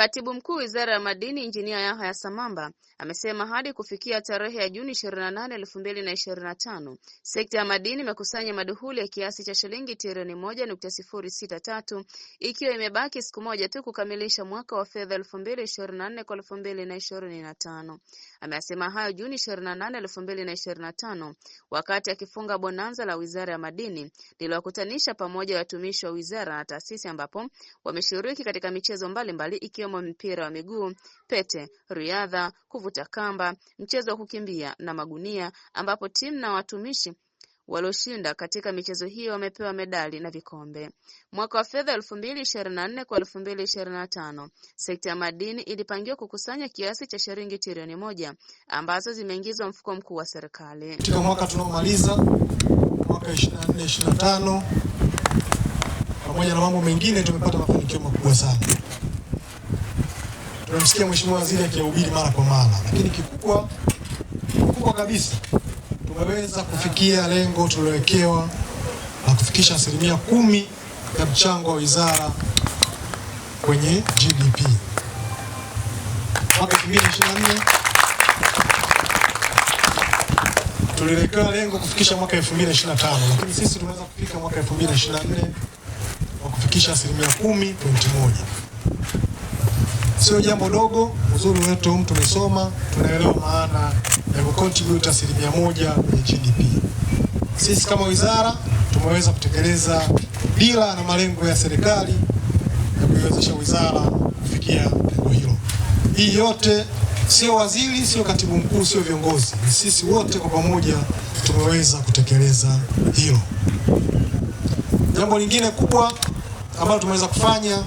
Katibu Mkuu Wizara ya Madini Injinia Yahya Samamba amesema hadi kufikia tarehe ya Juni 28 na sekta ya madini imekusanya maduhuli ya kiasi cha shilingi trilioni moja nukta sifuri sita tatu ikiwa imebaki siku moja tu kukamilisha mwaka wa fedha elfu mbili ishirini na nne kwa elfu mbili na ishirini na tano. hayo Juni ishirini na nane elfu mbili na ishirini na tano wakati akifunga bonanza la Wizara ya Madini lililowakutanisha pamoja watumishi wa wizara na taasisi ambapo wameshiriki katika michezo mbalimbali ikiwa ikiwemo mpira wa miguu, pete, riadha, kuvuta kamba, mchezo wa kukimbia na magunia ambapo timu na watumishi walioshinda katika michezo hiyo wamepewa medali na vikombe. Mwaka wa fedha 2024 kwa 2025, sekta ya madini ilipangiwa kukusanya kiasi cha shilingi trilioni moja ambazo zimeingizwa mfuko mkuu wa serikali. Katika mwaka tunaomaliza mwaka 2024 pamoja na mambo mengine, tumepata mafanikio makubwa sana tunamsikia mheshimiwa waziri akihubiri mara kwa mara, lakini kikubwa kikubwa kabisa tumeweza kufikia lengo tuliowekewa na kufikisha asilimia kumi ya mchango wa wizara kwenye GDP mwaka 2024 tuliwekewa lengo kufikisha mwaka 2025, lakini sisi tumeweza kufika mwaka 2024 kwa kufikisha asilimia kumi pointi moja sio jambo dogo. Uzuri wetu mtu tumesoma, tunaelewa maana ya kucontribute asilimia moja kwenye GDP. Sisi kama wizara tumeweza kutekeleza dira na malengo ya serikali ya kuiwezesha wizara kufikia lengo hilo. Hii yote sio waziri, sio katibu mkuu, sio viongozi, ni sisi wote kwa pamoja tumeweza kutekeleza hilo. Jambo lingine kubwa ambalo tumeweza kufanya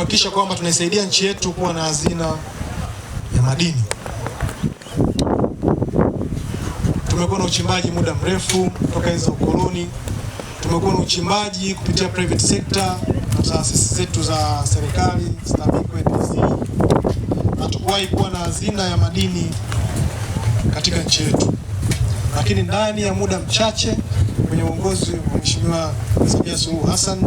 kuhakikisha kwamba tunaisaidia nchi yetu kuwa na hazina ya madini. Tumekuwa na uchimbaji muda mrefu toka enzi za ukoloni. Tumekuwa na uchimbaji kupitia private sector na taasisi zetu za serikali STAMICO, EPC. Hatukuwahi kuwa na hazina ya madini katika nchi yetu, lakini ndani ya muda mchache kwenye uongozi wa Mheshimiwa Samia Suluhu Hassan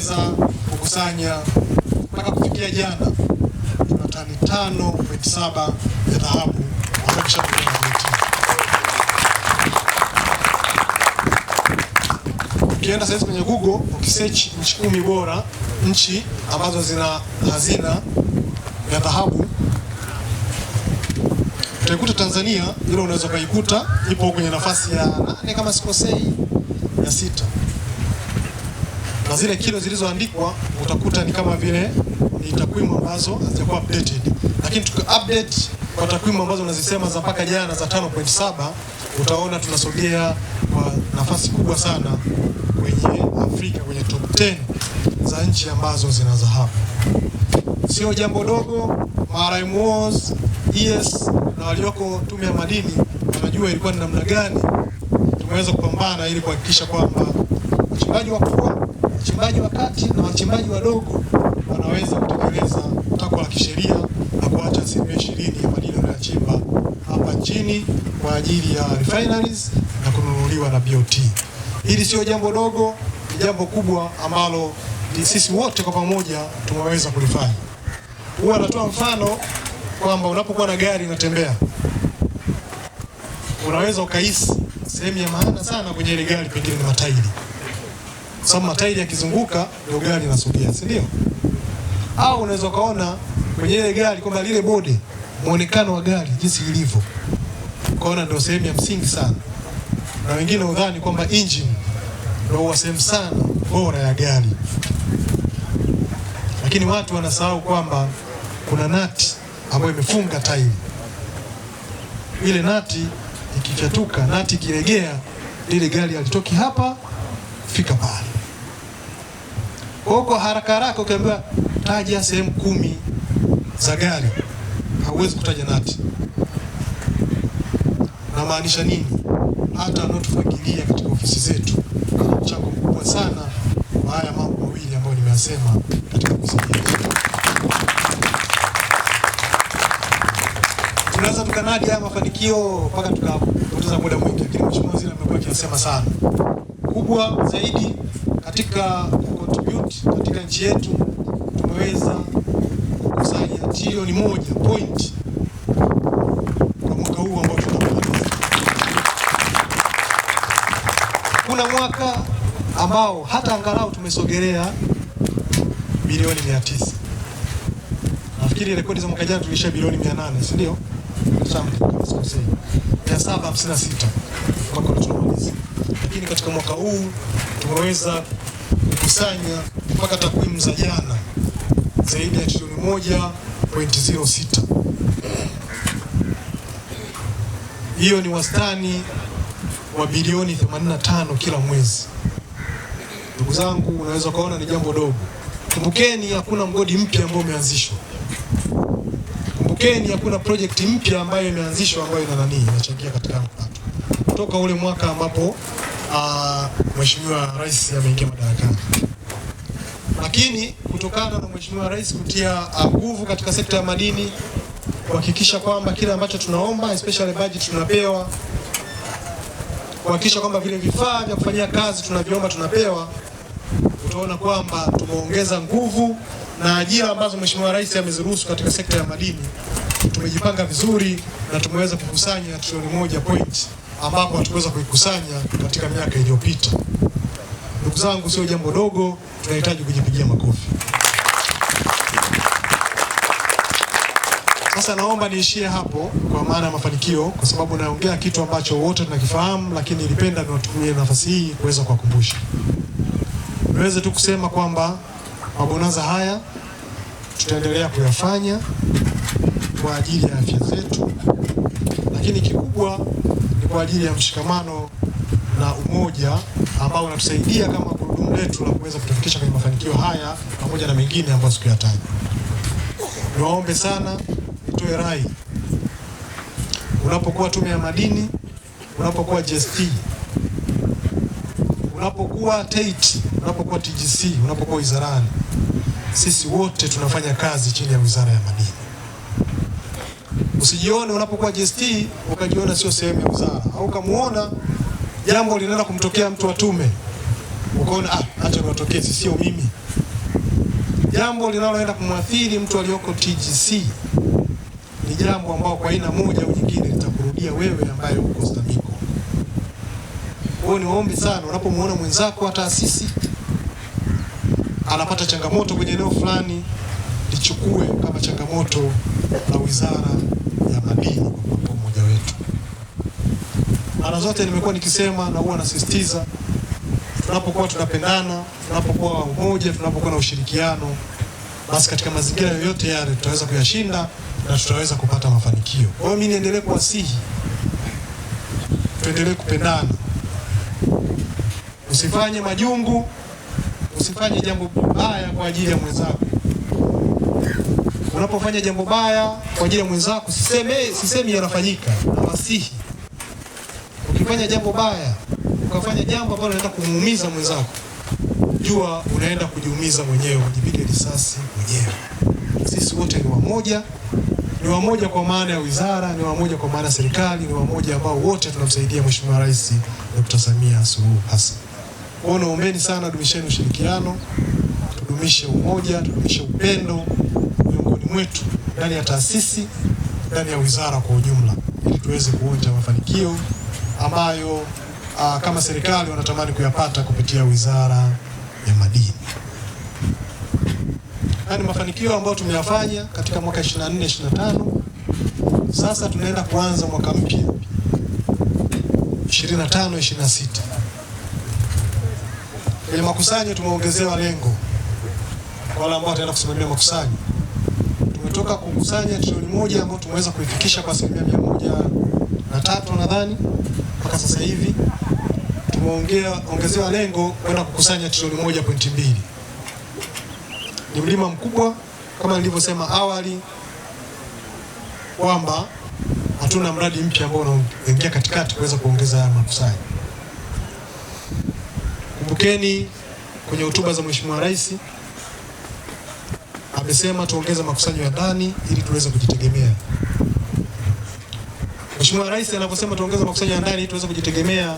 tumeweza kukusanya mpaka kufikia jana tuna tani saba ya dhahabu Ukienda sasa kwenye Google ukisearch nchi kumi bora, nchi ambazo zina hazina ya dhahabu utaikuta Tanzania, ilo unaweza ukaikuta ipo kwenye nafasi ya nane kama sikosei, ya sita na zile kilo zilizoandikwa utakuta ni kama vile ni takwimu ambazo hazijakuwa updated, lakini tuki update kwa takwimu ambazo unazisema za mpaka jana za 5.7 utaona tunasogea kwa nafasi kubwa sana kwenye Afrika kwenye top 10 za nchi ambazo zina dhahabu. Sio jambo dogo. MRMOs, EAS na walioko Tume ya Madini wanajua ilikuwa ni namna gani tumeweza kupambana ili kuhakikisha kwamba wachimbaji wakubwa wachimbaji wa kati na wachimbaji wadogo wanaweza kutekeleza takwa la kisheria na kuacha asilimia ishirini ya madini yanayochimba hapa nchini kwa ajili ya refineries na kununuliwa na BOT. Hili sio jambo dogo, ni jambo kubwa ambalo sisi wote kwa pamoja tumeweza kulifanya. Huwa natoa mfano kwamba unapokuwa na gari inatembea, unaweza ukahisi sehemu ya maana sana kwenye ile gari pengine ni matairi kwa sababu matairi yakizunguka ndio gari inasogea, si ndio? Au unaweza ukaona kwenye ile gari kwamba lile bodi, muonekano wa gari jinsi ilivyo, ukaona ndio sehemu ya msingi sana, na wengine udhani kwamba engine ndio sehemu sana bora ya gari, lakini watu wanasahau kwamba kuna nati ambayo imefunga tairi. Ile nati ikichatuka, nati ikiregea lile gari halitoki hapa fika pale huko haraka haraka ukiambiwa taja sehemu kumi za gari hauwezi kutaja nati. Namaanisha nini? Hata wanaotufagilia katika ofisi zetu ana mchango mkubwa sana kwa haya mambo mawili ambayo nimeyasema katika ofisi yetu. Tunaweza tukanadi haya mafanikio mpaka tukapoteza muda mwingi, lakini mheshimiwa waziri amekuwa akisema sana kubwa zaidi katika contribute katika nchi yetu, tumeweza kukusanya trilioni moja point kwa mwaka huu ambao tunamaliza. Kuna mwaka ambao hata angalau tumesogelea bilioni mia tisa. Nafikiri rekodi za mwaka jana tuliisha bilioni 800, si ndio? mia saba hamsini na sita tunamaliza, lakini katika mwaka huu tumeweza tumekusanya mpaka takwimu za jana zaidi ya trilioni moja pointi zero sita. Hiyo ni wastani wa bilioni 85 kila mwezi. Ndugu zangu, unaweza ukaona ni jambo dogo. Kumbukeni hakuna mgodi mpya ambao umeanzishwa. Kumbukeni hakuna project mpya ambayo imeanzishwa ambayo ina nani inachangia katika mpato toka ule mwaka ambapo uh, Mheshimiwa Rais ameingia madarakani, lakini kutokana na Mheshimiwa Rais kutia ah, nguvu katika sekta ya madini kuhakikisha kwamba kile ambacho tunaomba especially budget tunapewa, kuhakikisha kwamba vile vifaa vya kufanyia kazi tunavyoomba tunapewa, utaona kwamba tumeongeza nguvu na ajira ambazo Mheshimiwa Rais ameziruhusu katika sekta ya madini tumejipanga vizuri na tumeweza kukusanya trilioni moja point ambapo hatukuweza kuikusanya katika miaka iliyopita. Ndugu zangu, sio jambo dogo, tunahitaji kujipigia makofi. Sasa naomba niishie hapo kwa maana ya mafanikio, kwa sababu naongea kitu ambacho wote tunakifahamu, lakini nilipenda niwatumie nafasi hii kuweza kuwakumbusha. Niweze tu kusema kwamba mabonanza haya tutaendelea kuyafanya kwa ajili ya afya zetu, lakini kikubwa kwa ajili ya mshikamano na umoja ambao unatusaidia kama gurudumu letu la kuweza kutufikisha kwenye mafanikio haya pamoja na mengine ambayo sikuyataja. Niwaombe sana, nitoe rai, unapokuwa Tume ya Madini, unapokuwa GST, unapokuwa TEITI, unapokuwa TGC, unapokuwa wizarani, sisi wote tunafanya kazi chini ya Wizara ya Madini. Usijione unapokuwa GST ukajiona sio sehemu ya wizara, au kamuona jambo linaenda kumtokea mtu wa tume ukaona ah, acha niwatokee, sio mimi. Jambo linaloenda kumwathiri mtu aliyoko TGC ni jambo ambao kwa aina moja au nyingine litakurudia wewe ambaye uko STAMIKO. Kwa ni ombi sana, unapomuona mwenzako wa taasisi anapata changamoto kwenye eneo fulani, lichukue kama changamoto la wizara amini kwa mmoja wetu. Mara zote nimekuwa nikisema na huwa nasisitiza, tunapokuwa tunapendana, tunapokuwa umoja, tunapokuwa na ushirikiano, basi katika mazingira yoyote yale tutaweza kuyashinda na tutaweza kupata mafanikio. Kwa hiyo mimi niendelee kuwasihi, tuendelee kupendana, usifanye majungu, usifanye jambo baya kwa ajili ya mwenzako unapofanya jambo baya kwa ajili ya mwenzako, siseme sisemi yanafanyika, nawasihi, ukifanya jambo baya ukafanya jambo ambalo linaenda kumuumiza mwenzako, jua unaenda kujiumiza mwenyewe, ujipige risasi mwenyewe. Sisi wote ni wamoja, ni wamoja kwa maana ya wizara, ni wamoja kwa maana ya serikali, ni wamoja ambao wote tunamsaidia Mheshimiwa Rais Dr. Samia Suluhu Hassan. Kwa hiyo naombeni sana, dumisheni ushirikiano, tudumishe umoja, tudumishe upendo mwetu ndani ya taasisi, ndani ya wizara kwa ujumla, ili tuweze kuonja mafanikio ambayo uh, kama serikali wanatamani kuyapata kupitia wizara ya madini. Haya ni mafanikio ambayo tumeyafanya katika mwaka 24 25. Sasa tunaenda kuanza mwaka mpya 25 26. Kwenye makusanyo tumeongezewa lengo kwa wale ambao wataenda kusimamia makusanyo kutoka kukusanya trilioni moja ambayo tumeweza kuifikisha kwa asilimia mia moja na tatu nadhani mpaka sasa hivi tumeongezewa lengo kwenda kukusanya trilioni moja pointi mbili. Ni mlima mkubwa kama nilivyosema awali kwamba hatuna mradi mpya ambao unaingia katikati kuweza kuongeza haya makusanyo. Kumbukeni kwenye hotuba za Mheshimiwa Rais amesema tuongeze makusanyo ya ndani ili tuweze kujitegemea. Mheshimiwa Rais anaposema tuongeze makusanyo ya ndani ili tuweze kujitegemea,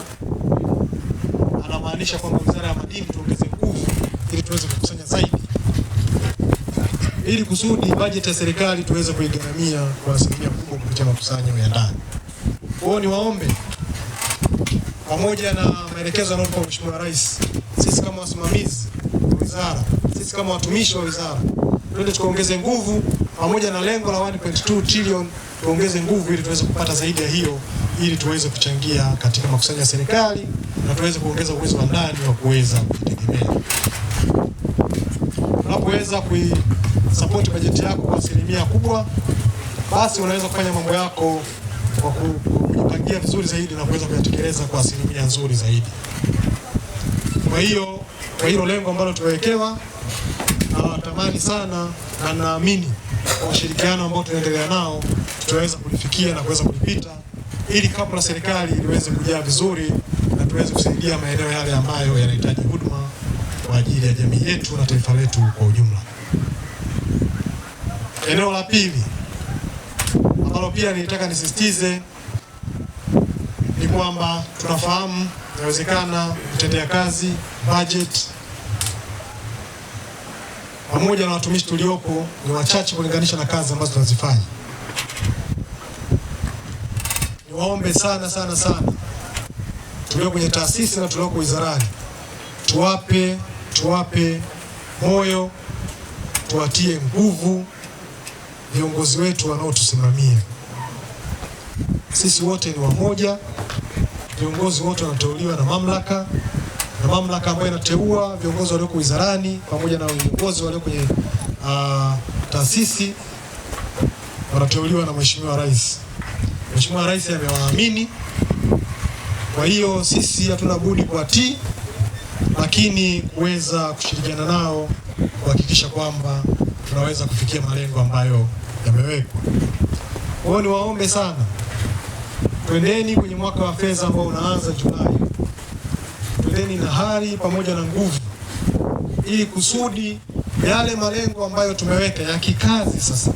anamaanisha kwamba Wizara ya Madini tuongeze nguvu ili tuweze kukusanya zaidi ili kusudi bajeti ya serikali tuweze kuigharamia kwa asilimia kubwa kupitia makusanyo ya ndani. Kwa hiyo niwaombe, pamoja na maelekezo anayotoa Mheshimiwa Rais, sisi kama wasimamizi wa wizara, sisi kama watumishi wa wizara twende tukaongeze nguvu, pamoja na lengo la 1.2 trillion tuongeze nguvu ili tuweze kupata zaidi ya hiyo, ili tuweze kuchangia katika makusanyo ya serikali na tuweze kuongeza uwezo wa ndani wa kuweza kujitegemea. Unapoweza kuisapoti bajeti yako kwa asilimia kubwa, basi unaweza kufanya mambo yako kwa kujipangia vizuri zaidi na kuweza kuyatekeleza kwa asilimia nzuri zaidi. Kwa hiyo, kwa hilo lengo ambalo tumewekewa natamani sana na naamini kwa ushirikiano ambao tunaendelea nao tutaweza kulifikia na kuweza kulipita ili kapu la serikali liweze kujaa vizuri na tuweze kusaidia maeneo yale ambayo yanahitaji huduma kwa ajili ya jamii yetu na taifa letu kwa ujumla. Eneo la pili ambalo pia nilitaka nisisitize ni kwamba tunafahamu inawezekana kutendea kazi bajeti pamoja na watumishi tuliopo ni wachache kulinganisha na kazi ambazo tunazifanya. Niwaombe sana sana sana tulio kwenye taasisi na tulioko wizarani, tuwape tuwape moyo, tuwatie nguvu viongozi wetu wanaotusimamia. Sisi wote ni wamoja, viongozi wote wanateuliwa na mamlaka na mamlaka ambayo inateua viongozi walioko wizarani pamoja na viongozi walio kwenye uh, taasisi wanateuliwa na Mheshimiwa Rais. Mheshimiwa Rais amewaamini, kwa hiyo sisi hatuna budi kuwatii, lakini kuweza kushirikiana nao kuhakikisha kwamba tunaweza kufikia malengo ambayo yamewekwa. Kwa hiyo niwaombe sana, twendeni kwenye mwaka wa fedha ambao unaanza Julai pembeni na hali pamoja na nguvu, ili kusudi yale malengo ambayo tumeweka ya kikazi sasa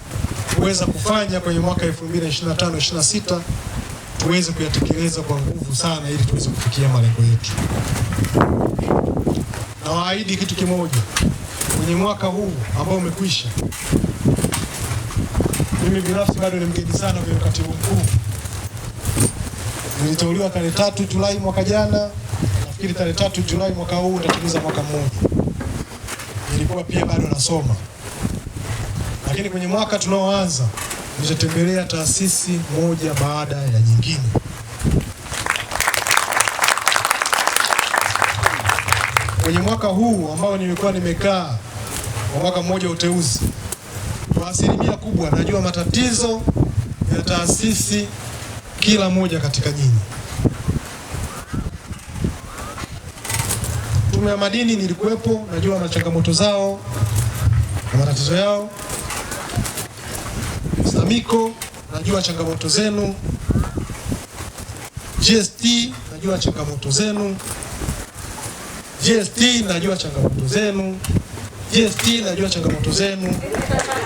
kuweza kufanya kwenye mwaka 2025 26 tuweze kuyatekeleza kwa nguvu sana, ili tuweze kufikia malengo yetu. Nawaahidi kitu kimoja, kwenye mwaka huu ambao umekwisha, mimi binafsi bado ni mgeni sana kwenye katibu mkuu. Niliteuliwa tarehe tatu Julai mwaka jana nafikiri tarehe tatu Julai mwaka huu utatimiza mwaka mmoja. Nilikuwa pia bado nasoma, lakini kwenye mwaka tunaoanza nitatembelea taasisi moja baada ya nyingine. Kwenye mwaka huu ambao nimekuwa nimekaa kwa mwaka mmoja wa uteuzi, kwa asilimia kubwa najua matatizo ya taasisi kila moja katika nyinyi. Tume ya Madini nilikuwepo, najua na changamoto zao na matatizo yao. Samiko najua changamoto zenu. GST najua changamoto zenu. GST najua changamoto zenu. GST najua changamoto zenu.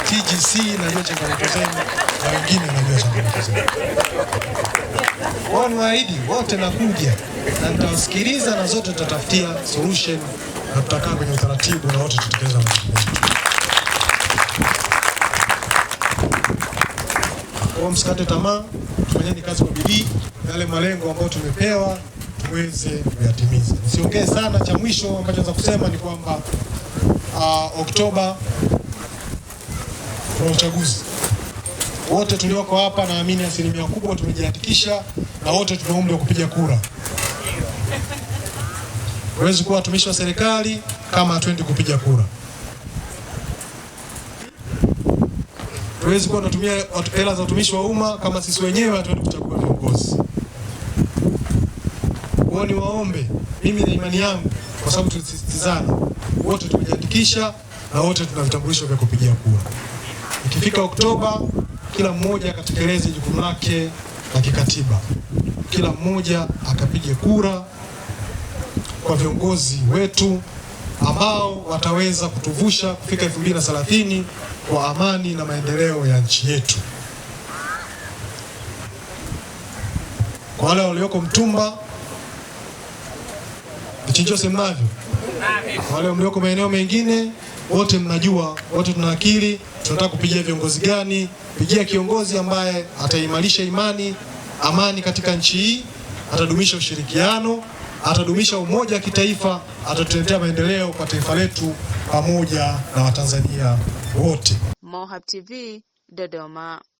TGC najua changamoto zenu, na wengine najua changamoto zenu. Wao wote, nakuja na tutasikiliza na zote tutatafutia solution na tutakaa kwenye utaratibu na wote tutatekeleza majukumu yetu. Kwa msikate tamaa, tufanyeni kazi kwa bidii, yale malengo ambayo tumepewa tuweze kuyatimiza. siongee sana, cha mwisho ambacho naweza kusema ni kwamba uh, Oktoba kuna uchaguzi. Wote tulioko hapa naamini asilimia kubwa tumejiandikisha na wote tuna umri kupiga kura. Huwezi kuwa watumishi wa serikali kama hatuendi kupiga kura. uwezi kuwa tunatumia hela za watumishi wa umma kama sisi wenyewe hatuendi kuchagua viongozi. Kwa ni waombe, mimi na imani yangu, kwa sababu tulisisitizana wote, tumejiandikisha na wote tuna vitambulisho vya kupigia kura. Ikifika Oktoba, kila mmoja akatekeleze jukumu lake la kikatiba, kila mmoja akapige kura kwa viongozi wetu ambao wataweza kutuvusha kufika 2030 kwa amani na maendeleo ya nchi yetu. Kwa wale walioko Mtumba, vichinjio semnavyo, wale mlioko maeneo mengine wote mnajua, wote tuna akili, tunataka kupigia viongozi gani? Pigia kiongozi ambaye ataimarisha imani, amani katika nchi hii, atadumisha ushirikiano atadumisha umoja wa kitaifa, atatuletea maendeleo kwa taifa letu pamoja na Watanzania wote. Mohab TV Dodoma.